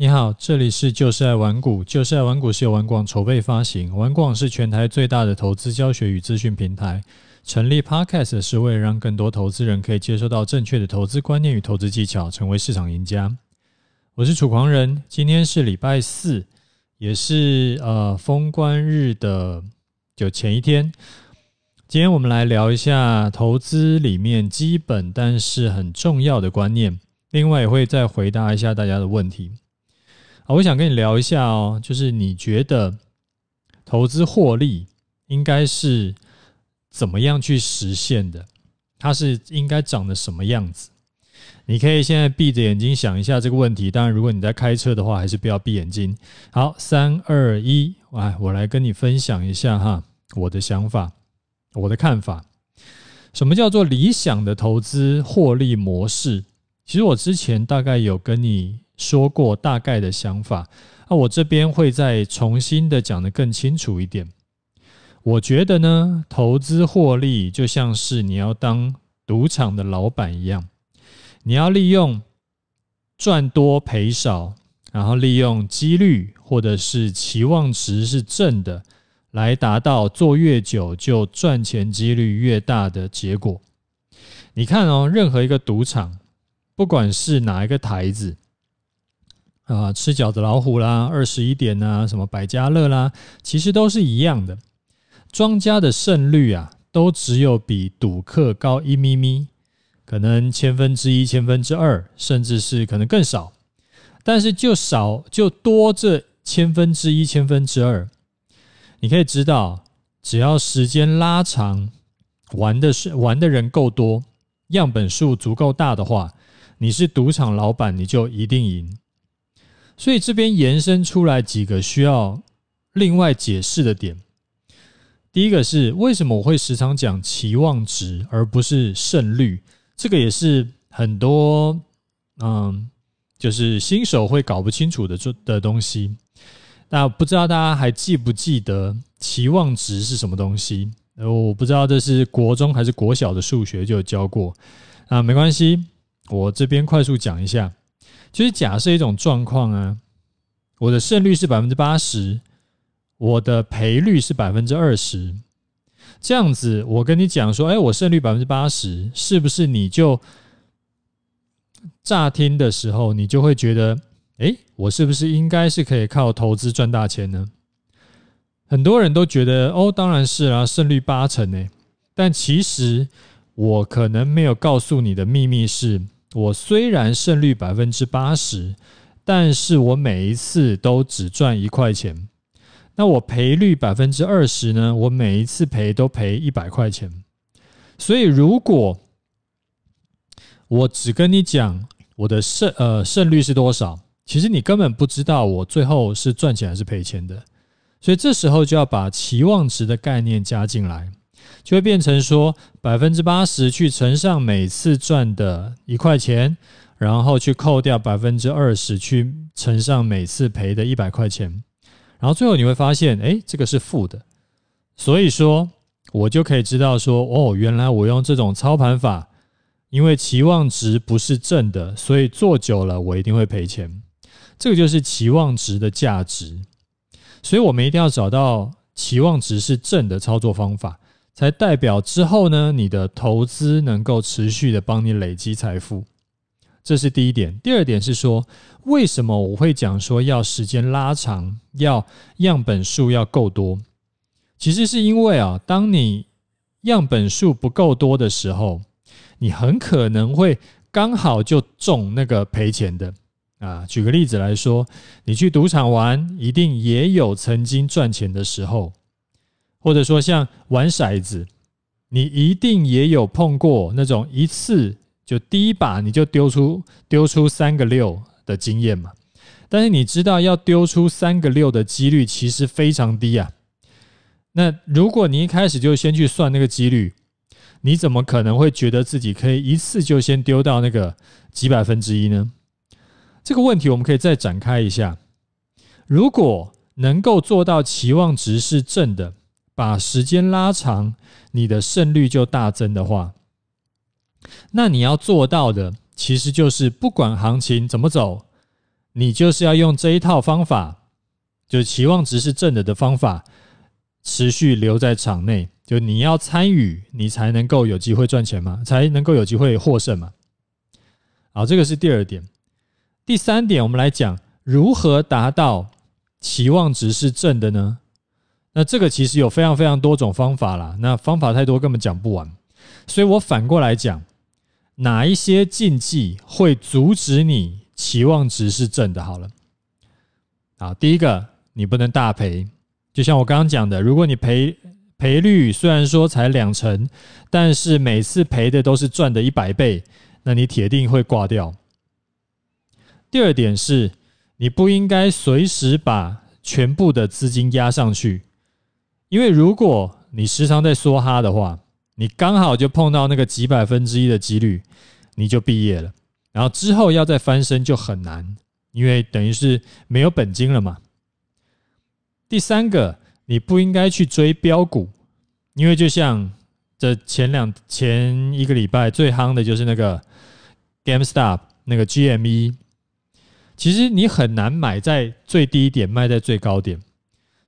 你好，這裡是就是愛玩股。就是愛玩股是由玩廣籌備發行，玩廣是全台最大的投資教學與資訊平台。成立 Podcast 是為了讓更多投資人可以接受到正確的投資觀念與投資技巧，成為市場贏家。我是楚狂人，今天是禮拜四，也是呃封關日的就前一天。今天我們來聊一下投資裡面基本但是很重要的觀念，另外也會再回答一下大家的問題。好，我想跟你聊一下哦，就是你覺得投資獲利應該是怎麼樣去實現的？它是應該長得什麼樣子？你可以現在閉着眼睛想一下這個問題。當然，如果你在開車的話，還是不要閉眼睛。好，三二一，來，我來跟你分享一下哈，我的想法，我的看法。什麼叫做理想的投資獲利模式？其實我之前大概有跟你。說過大概的想法，那我這邊會再重新的講得更清楚一點。我覺得呢，投資獲利就像是你要當賭場的老板一樣，你要利用賺多賠少，然後利用幾率或者是期望值是正的，來達到做越久就賺錢幾率越大的結果。你看哦，任何一個賭場，不管是哪一個台子。啊，吃角子老虎啦，二十一點啦、啊，什麼百家樂啦，其實都是一樣的，莊家的勝率啊，都只有比賭客高一咪咪，可能千分之一、千分之二，甚至是可能更少。但是就少就多這千分之一、千分之二，你可以知道，只要時間拉長，玩的是玩的人夠多，樣本數足夠大的話，你是賭場老板，你就一定贏。所以這邊延伸出來幾個需要另外解釋的點。第一個是為什麼我會時常講期望值而不是勝率，這個也是很多嗯，就是新手會搞不清楚的這的東西。那不知道大家還記不記得期望值是什麼東西？我不知道這是國中還是國小的數學就有教過。那沒關係，我這邊快速講一下。其實假設一種狀況啊，我的勝率是百分之八十，我的賠率是百分之二十。這樣子，我跟你講說，哎、欸，我勝率百分之八十，是不是你就乍聽的時候，你就會覺得，哎、欸，我是不是應該是可以靠投資賺大錢呢？很多人都覺得，哦，當然是啊，勝率八成誒。但其實我可能沒有告訴你的秘密是。我雖然勝率百分之八十，但是我每一次都只賺一塊錢。那我賠率百分之二十呢？我每一次賠都賠一百塊錢。所以如果我只跟你講我的勝呃勝率是多少，其實你根本不知道我最後是賺錢還是賠錢的。所以這時候就要把期望值的概念加進來。就會變成說百分之八十去乘上每次賺的一塊錢，然後去扣掉百分之二十去乘上每次賠的一百塊錢，然後最後你會發現，哎，這個是負的。所以說，我就可以知道說，哦，原來我用這種操盤法，因為期望值不是正的，所以做久了我一定會賠錢。這個就是期望值的價值。所以我們一定要找到期望值是正的操作方法。才代表之後呢，你的投資能夠持續的幫你累積財富，這是第一點。第二點是說，為什麼我會講說要時間拉長，要樣本數要夠多？其實是因為啊、哦，當你樣本數不夠多的時候，你很可能會剛好就中那個賠錢的啊。舉個例子來說，你去賭場玩，一定也有曾經賺錢的時候。或者說，像玩骰子，你一定也有碰過那種一次就第一把你就丟出丟出三個六的經驗嘛？但是你知道要丟出三個六的幾率其實非常低啊。那如果你一開始就先去算那個幾率，你怎麼可能會覺得自己可以一次就先丟到那個幾百分之一呢？這個問題我們可以再展開一下。如果能夠做到期望值是正的。把時間拉長，你的勝率就大增的話，那你要做到的其實就是不管行情怎麼走，你就是要用這一套方法，就是期望值是正的的方法，持續留在場內。就你要參與，你才能夠有機會賺錢嘛，才能夠有機會獲勝嘛。好，這個是第二點。第三點，我們來講如何達到期望值是正的呢？那這個其實有非常非常多種方法啦，那方法太多根本講不完，所以我反過來講，哪一些禁忌會阻止你期望值是正的？好了，啊，第一個你不能大賠，就像我剛剛講的，如果你賠賠率雖然說才兩成，但是每次賠的都是賺的一百倍，那你鐵定會掛掉。第二點是，你不應該隨時把全部的資金壓上去。因為如果你時常在梭哈的話，你剛好就碰到那個幾百分之一的幾率，你就畢業了。然後之後要再翻身就很難，因為等於是沒有本金了嘛。第三個，你不應該去追飆股，因為就像這前兩前一個禮拜最夯的就是那個 GameStop 那個 GME，其實你很難買在最低點，賣在最高點。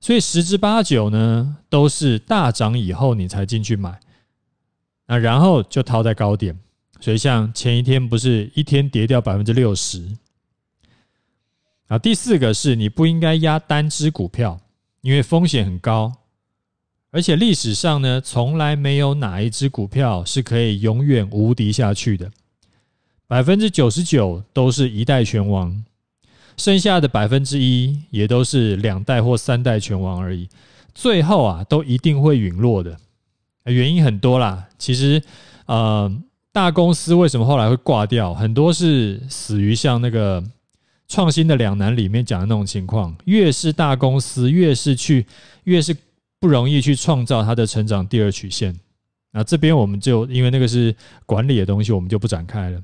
所以十之八九呢，都是大漲以後你才進去買，那然後就套在高點。所以像前一天不是一天跌掉百分之六十啊？第四個是你不應該壓單隻股票，因為風險很高，而且歷史上呢，從來沒有哪一隻股票是可以永遠無敵下去的，百分之九十九都是一代拳王。剩下的百分之一，也都是兩代或三代拳王而已，最後啊都一定會隕落的。原因很多啦，其實呃大公司為什麼後來會掛掉，很多是死於像那個創新的兩難裡面講的那種情況。越是大公司，越是去越是不容易去創造它的成長第二曲線。那這邊我們就因為那個是管理的東西，我們就不展開了。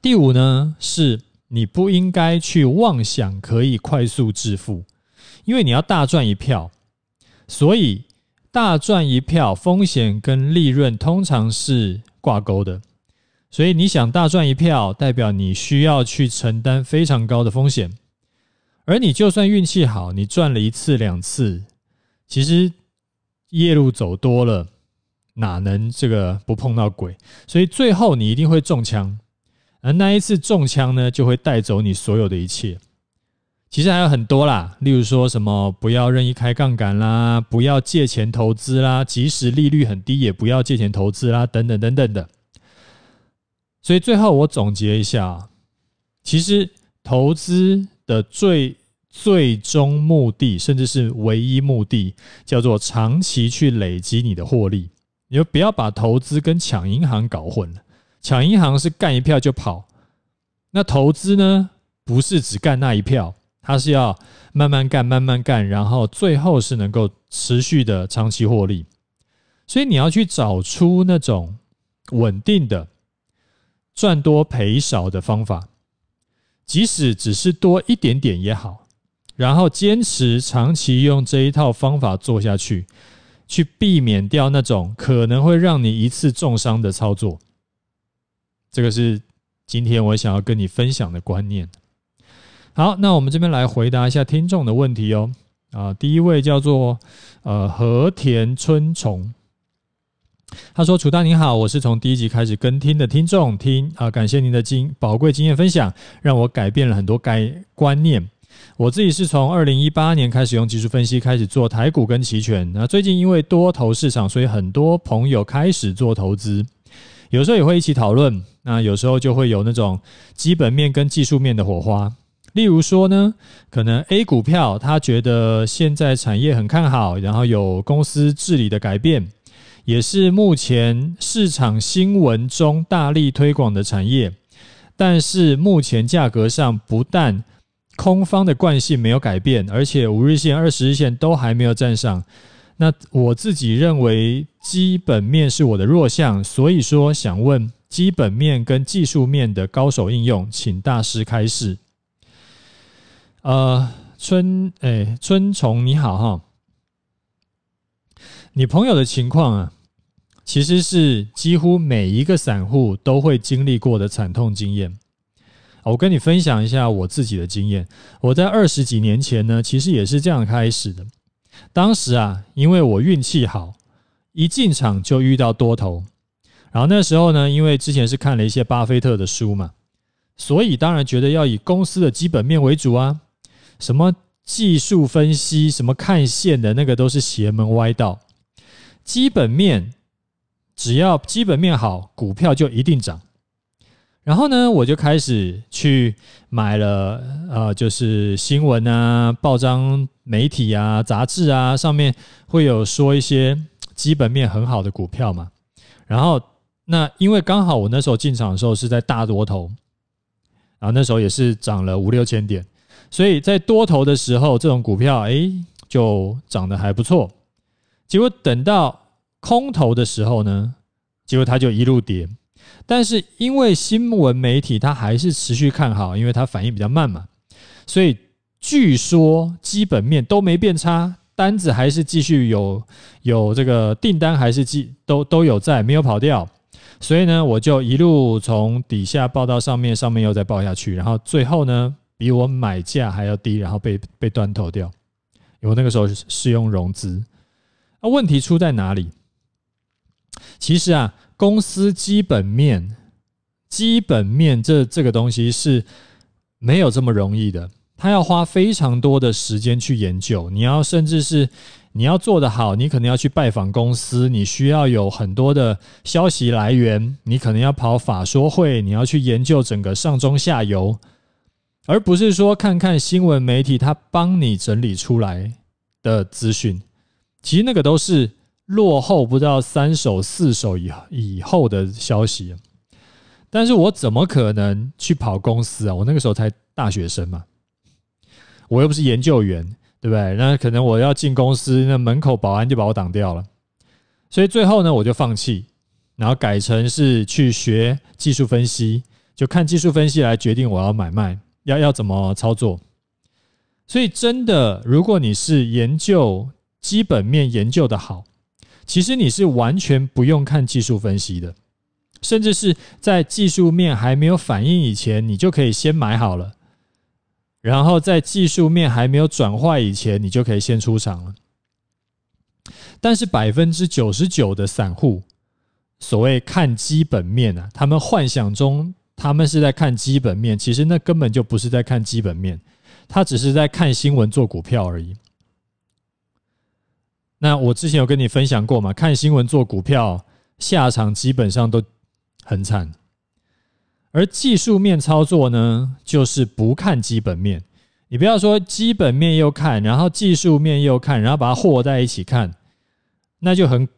第五呢是。你不應該去妄想可以快速致富，因為你要大賺一票，所以大賺一票風險跟利潤通常是掛鈎的，所以你想大賺一票，代表你需要去承擔非常高的風險，而你就算運氣好，你賺了一次兩次，其實夜路走多了，哪能這個不碰到鬼？所以最後你一定會中槍。而那一次中槍呢，就會帶走你所有的一切。其實還有很多啦，例如說什麼不要任意開槓桿啦，不要借錢投資啦，即使利率很低，也不要借錢投資啦，等等等等的。所以最後我總結一下啊，其實投資的最最終目的，甚至是唯一目的，叫做長期去累積你的獲利。你就不要把投資跟搶銀行搞混了。搶銀行是幹一票就跑，那投資呢？不是只幹那一票，它是要慢慢幹、慢慢幹，然後最後是能夠持續的長期獲利。所以你要去找出那種穩定的賺多賠少的方法，即使只是多一點點也好，然後堅持長期用這一套方法做下去，去避免掉那種可能會讓你一次重傷的操作。這個是今天我想要跟你分享的觀念。好，那我們這邊來回答一下聽眾的問題哦。啊，第一位叫做呃和田春蟲，他說：“楚大您好，我是從第一集開始跟聽的聽眾，聽啊、呃，感謝您的經寶貴經驗分享，讓我改變了很多改觀念。我自己是從二零一八年開始用技術分析開始做台股跟期權，那、啊、最近因為多頭市場，所以很多朋友開始做投資。”有時候也會一起討論，那有時候就會有那種基本面跟技術面的火花。例如說呢，可能 A 股票，他覺得現在產業很看好，然後有公司治理的改變，也是目前市場新聞中大力推廣的產業。但是目前價格上，不但空方的慣性沒有改變，而且五日線、二十日線都還沒有站上。那我自己認為基本面是我的弱項，所以說想問基本面跟技術面的高手應用，請大師開示。呃，春，哎，欸，春蟲你好哈，你朋友的情況啊，其實是幾乎每一個散戶都會經歷過的慘痛經驗。我跟你分享一下我自己的經驗，我在二十幾年前呢，其實也是這樣開始的。當時啊，因為我運氣好，一進場就遇到多頭。然後那時候呢，因為之前是看了一些巴菲特的書嘛，所以當然覺得要以公司的基本面為主啊。什麼技術分析、什麼看線的那個都是邪門歪道。基本面只要基本面好，股票就一定漲。然後呢，我就開始去買了，呃，就是新聞啊、報章、媒體啊、雜誌啊，上面會有說一些基本面很好的股票嘛。然後，那因為剛好我那時候進場的時候是在大多頭，然後那時候也是漲了五六千點，所以在多頭的時候，這種股票哎、欸、就漲得還不錯。結果等到空頭的時候呢，結果它就一路跌。但是因為新聞媒體它還是持續看好，因為它反應比較慢嘛，所以據說基本面都沒變差，單子還是繼續有，有這個訂單還是繼都都有在，沒有跑掉。所以呢，我就一路從底下抱到上面，上面又再抱下去，然後最後呢，比我買價還要低，然後被被斷頭掉。我那個時候是用融資。那問題出在哪裡？其實啊。公司基本面，基本面這這個東西是沒有這麼容易的，他要花非常多的時間去研究。你要甚至是你要做得好，你可能要去拜訪公司，你需要有很多的消息來源，你可能要跑法說會，你要去研究整個上中下游，而不是說看看新聞媒體他幫你整理出來的資訊，其實那個都是。落後不到三手四手、以以後的消息，但是我怎麼可能去跑公司啊？我那個時候才大學生嘛，我又不是研究員，對不對？那可能我要進公司，那門口保安就把我擋掉了。所以最後呢，我就放棄，然後改成是去學技術分析，就看技術分析來決定我要買賣，要要怎麼操作。所以真的，如果你是研究基本面研究得好。其實你是完全不用看技術分析的，甚至是在技術面還沒有反應以前，你就可以先買好了；然後在技術面還沒有轉化以前，你就可以先出場了。但是百分之九十九的散戶，所謂看基本面啊，他們幻想中他們是在看基本面，其實那根本就不是在看基本面，他只是在看新聞做股票而已。那我之前有跟你分享過嘛，看新聞做股票，下場基本上都很慘。而技術面操作呢，就是不看基本面。你不要說基本面又看，然後技術面又看，然後把它和在一起看，那就很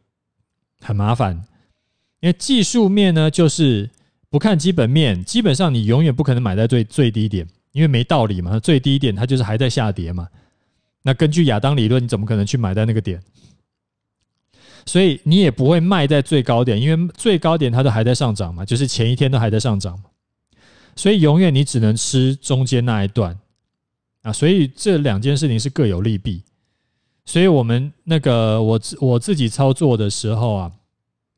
很麻煩。因為技術面呢，就是不看基本面，基本上你永遠不可能買在最最低點，因為沒道理嘛。最低點它就是還在下跌嘛。那根據亞當理論，你怎麼可能去買在那個點？所以你也不會賣在最高點，因為最高點它都還在上漲嘛，就是前一天都還在上漲嘛。所以永遠你只能吃中間那一段啊。所以這兩件事情是各有利弊。所以我們那個我我自己操作的時候啊，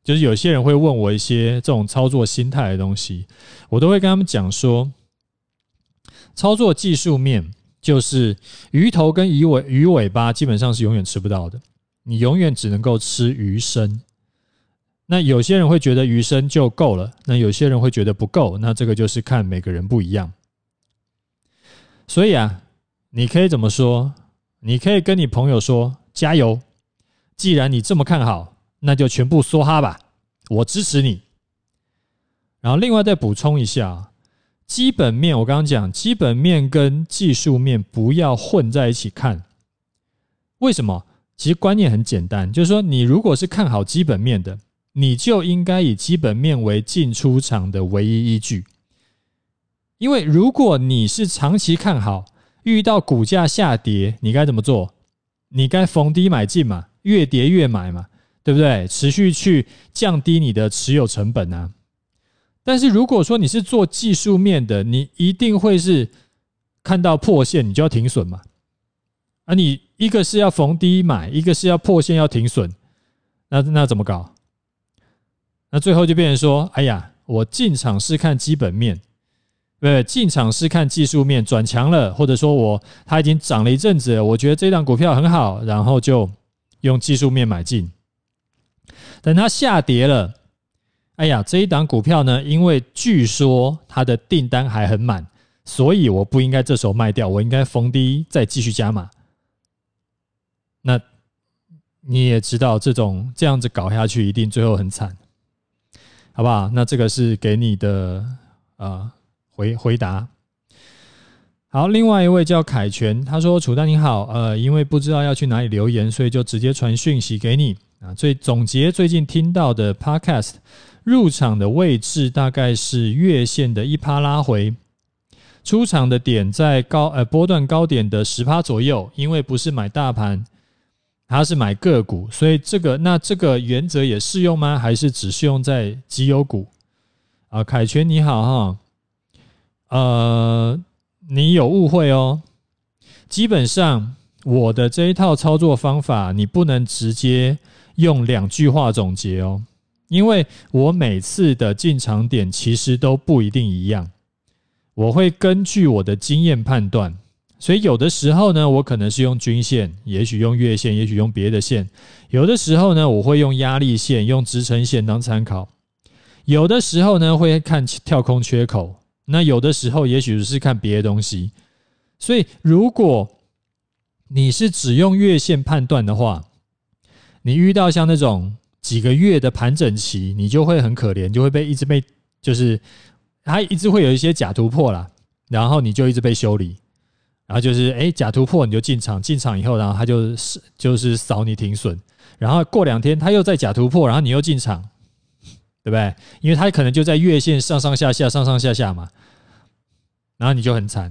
就是有些人會問我一些這種操作心態的東西，我都會跟他們講說，操作技術面。就是魚頭跟魚尾、魚尾巴基本上是永遠吃不到的，你永遠只能夠吃魚身。那有些人會覺得魚身就夠了，那有些人會覺得不夠，那這個就是看每個人不一樣。所以啊，你可以怎麼說？你可以跟你朋友說：“加油！既然你這麼看好，那就全部梭哈吧，我支持你。”然後另外再補充一下。基本面，我剛剛講，基本面跟技術面不要混在一起看。為什麼？其實觀念很簡單，就是說，你如果是看好基本面的，你就應該以基本面為進出場的唯一依據。因為如果你是長期看好，遇到股價下跌，你該怎麼做？你該逢低買進嘛，越跌越買嘛，對不對？持續去降低你的持有成本啊。但是如果說你是做技術面的，你一定會是看到破線，你就要停損嘛、啊。而你一個是要逢低買，一個是要破線要停損，那那怎麼搞？那最後就變成說：哎呀，我進場是看基本面，對不對，進場是看技術面轉強了，或者說我它已經漲了一陣子了，我覺得這檔股票很好，然後就用技術面買進，等它下跌了。哎呀，這一檔股票呢，因為據說它的訂單還很滿，所以我不應該這時候賣掉，我應該逢低再繼續加碼。那你也知道，這種這樣子搞下去，一定最後很慘，好不好？那這個是給你的啊、呃、回回答。好，另外一位叫凱全，他說：“楚丹你好，呃，因為不知道要去哪裡留言，所以就直接傳訊息給你啊。”所以總結最近聽到的 Podcast。入場的位置大概是月線的一趴拉回，出場的點在高呃波段高點的十趴左右，因為不是買大盤，它是買個股，所以這個那這個原則也適用嗎？還是只適用在績優股？啊，凱旋你好哈，呃，你有誤會哦、喔，基本上我的這一套操作方法，你不能直接用兩句話總結哦、喔。因為我每次的進場點其實都不一定一樣，我會根據我的經驗判斷，所以有的時候呢，我可能是用均線，也許用月線，也許用別的線；有的時候呢，我會用壓力線、用支撐線當參考；有的時候呢，會看跳空缺口；那有的時候，也許是看別的東西。所以，如果你是只用月線判斷的話，你遇到像那種。幾個月的盤整期，你就會很可憐，就會被一直被就是它一直會有一些假突破啦，然後你就一直被修理，然後就是哎、欸、假突破你就進場，進場以後然後它就就是就是掃你停損，然後過兩天它又在假突破，然後你又進場，對不對？因為它可能就在月線上上下下上上下下嘛，然後你就很慘，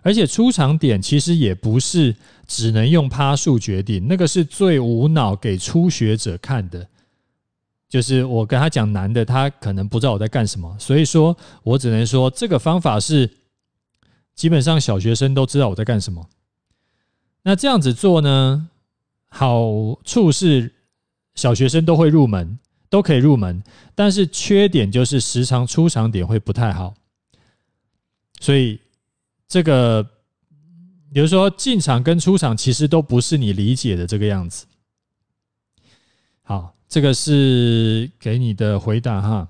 而且出場點其實也不是。只能用趴數決定，那個是最無腦給初學者看的。就是我跟他講難的，他可能不知道我在幹什麼，所以說我只能說這個方法是基本上小學生都知道我在幹什麼。那這樣子做呢，好處是小學生都會入門，都可以入門，但是缺點就是時常出場點會不太好。所以這個。比如說進場跟出場其實都不是你理解的這個樣子，好，這個是給你的回答哈。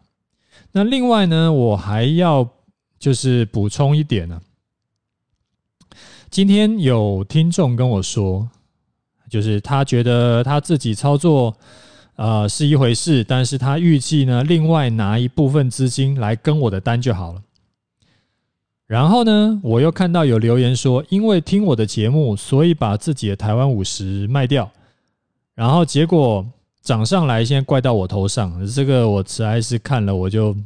那另外呢，我還要就是補充一點呢、啊。今天有聽眾跟我說，就是他覺得他自己操作啊、呃、是一回事，但是他預計呢，另外拿一部分資金來跟我的單就好了。然後呢，我又看到有留言說，因為聽我的節目，所以把自己的台灣五十賣掉，然後結果漲上來，現在怪到我頭上，這個我實在是看了我就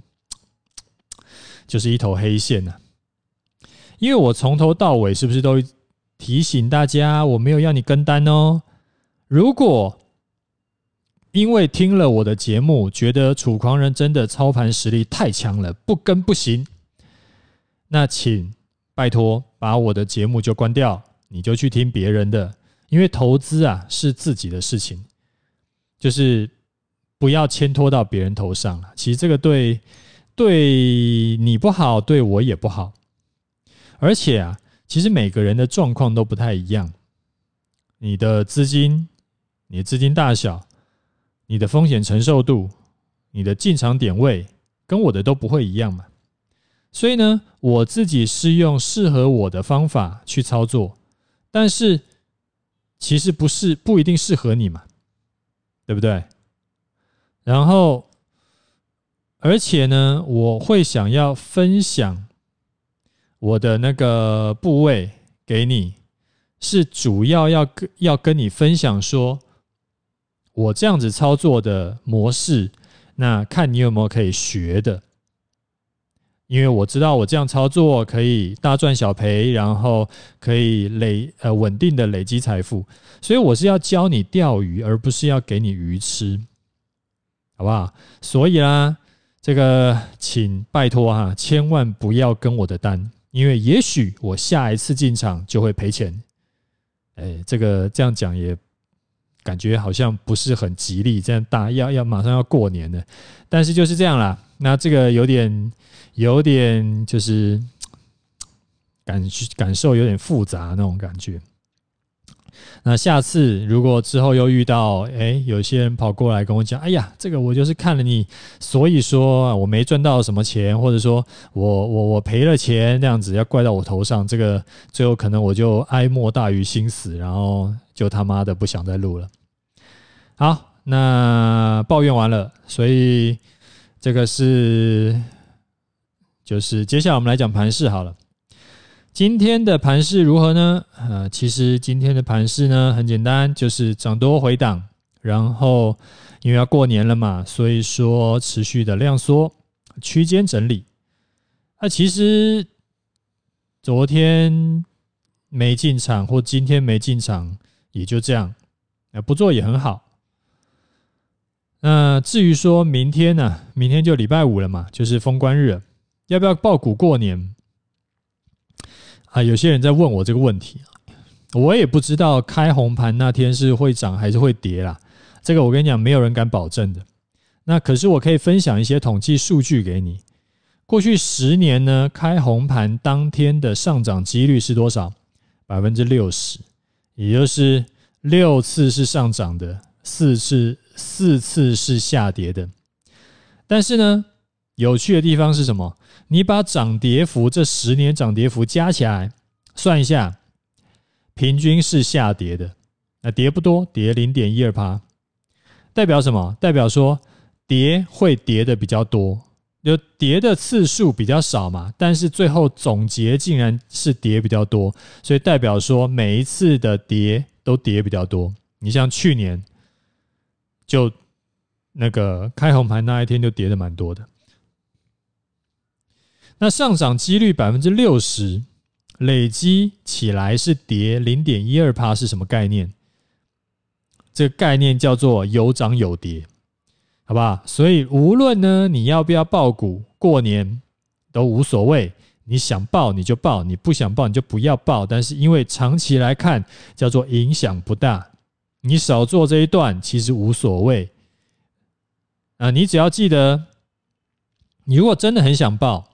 就是一頭黑線吶啊。因為我從頭到尾是不是都提醒大家，我沒有要你跟單哦。如果因為聽了我的節目，覺得楚狂人真的操盤實力太強了，不跟不行。那請拜托把我的節目就關掉，你就去聽別人的，因為投資啊是自己的事情，就是不要牽拖到別人頭上了。其實這個對對你不好，對我也不好，而且啊，其實每個人的狀況都不太一樣，你的資金、你的資金大小、你的風險承受度、你的進場點位，跟我的都不會一樣嘛。所以呢，我自己是用適合我的方法去操作，但是其實不是不一定適合你嘛，對不對？然後，而且呢，我會想要分享我的那個部位給你，是主要要跟要跟你分享說，我這樣子操作的模式，那看你有沒有可以學的。因為我知道我這樣操作可以大賺小賠，然後可以累呃穩定的累積財富，所以我是要教你釣魚，而不是要給你魚吃，好不好？所以啦，這個請拜託哈，千萬不要跟我的單，因為也許我下一次進場就會賠錢。誒、哎。這個這樣講也感覺好像不是很吉利，這樣大要要馬上要過年了，但是就是這樣啦。那這個有點。有點就是感感受有點複雜那種感覺。那下次如果之後又遇到，哎、欸，有些人跑過來跟我講，哎呀，這個我就是看了你，所以說我沒賺到什麼錢，或者說我我我賠了錢，這樣子要怪到我頭上，這個最後可能我就哀莫大於心死，然後就他媽的不想再錄了。好，那抱怨完了，所以這個是。就是接下來我們來講盤勢好了。今天的盤勢如何呢？呃，其實今天的盤勢呢，很簡單，就是漲多回檔，然後因為要過年了嘛，所以說持續的量縮，區間整理。那、呃、其實昨天沒進場或今天沒進場，也就這樣、呃，不做也很好。那至於說明天呢、啊？明天就禮拜五了嘛，就是封關日。要不要抱股過年啊？有些人在問我這個問題。我也不知道開紅盤那天是會漲還是會跌啦。這個我跟你講，沒有人敢保證的。那可是我可以分享一些統計數據給你。過去十年呢，開紅盤當天的上漲幾率是多少？百分之六十，也就是六次是上漲的，四次四次是下跌的。但是呢，有趣的地方是什麼？你把漲跌幅這十年漲跌幅加起來，算一下，平均是下跌的。那跌不多，跌零點一二趴，代表什麼？代表說跌會跌的比較多，就跌的次數比較少嘛。但是最後總結竟然是跌比較多，所以代表說每一次的跌都跌比較多。你像去年就那個開紅盤那一天就跌的蠻多的。那上漲幾率百分之六十，累積起來是跌零點一二趴，是什麼概念？這個概念叫做有漲有跌，好不好？所以無論呢，你要不要抱股過年都無所謂。你想抱你就抱，你不想抱你就不要抱。但是因為長期來看叫做影響不大，你少做這一段其實無所謂。啊，你只要記得，你如果真的很想抱。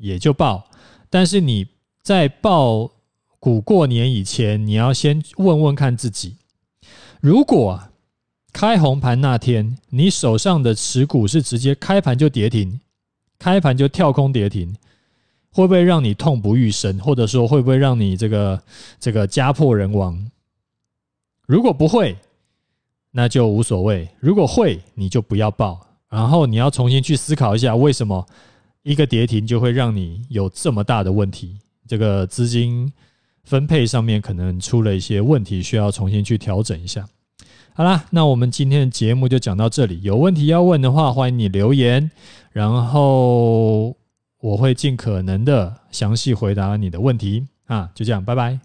也就抱，但是你在抱股過年以前，你要先問問看自己，如果開紅盤那天你手上的持股是直接開盤就跌停，開盤就跳空跌停，會不會讓你痛不欲生，或者說會不會讓你這個這個家破人亡？如果不會，那就無所謂；如果會，你就不要抱，然後你要重新去思考一下為什麼。一個跌停就會讓你有這麼大的問題，這個資金分配上面可能出了一些問題，需要重新去調整一下。好啦，那我們今天的節目就講到這裡，有問題要問的話，歡迎你留言，然後我會盡可能的詳細回答你的問題啊，就這樣，拜拜。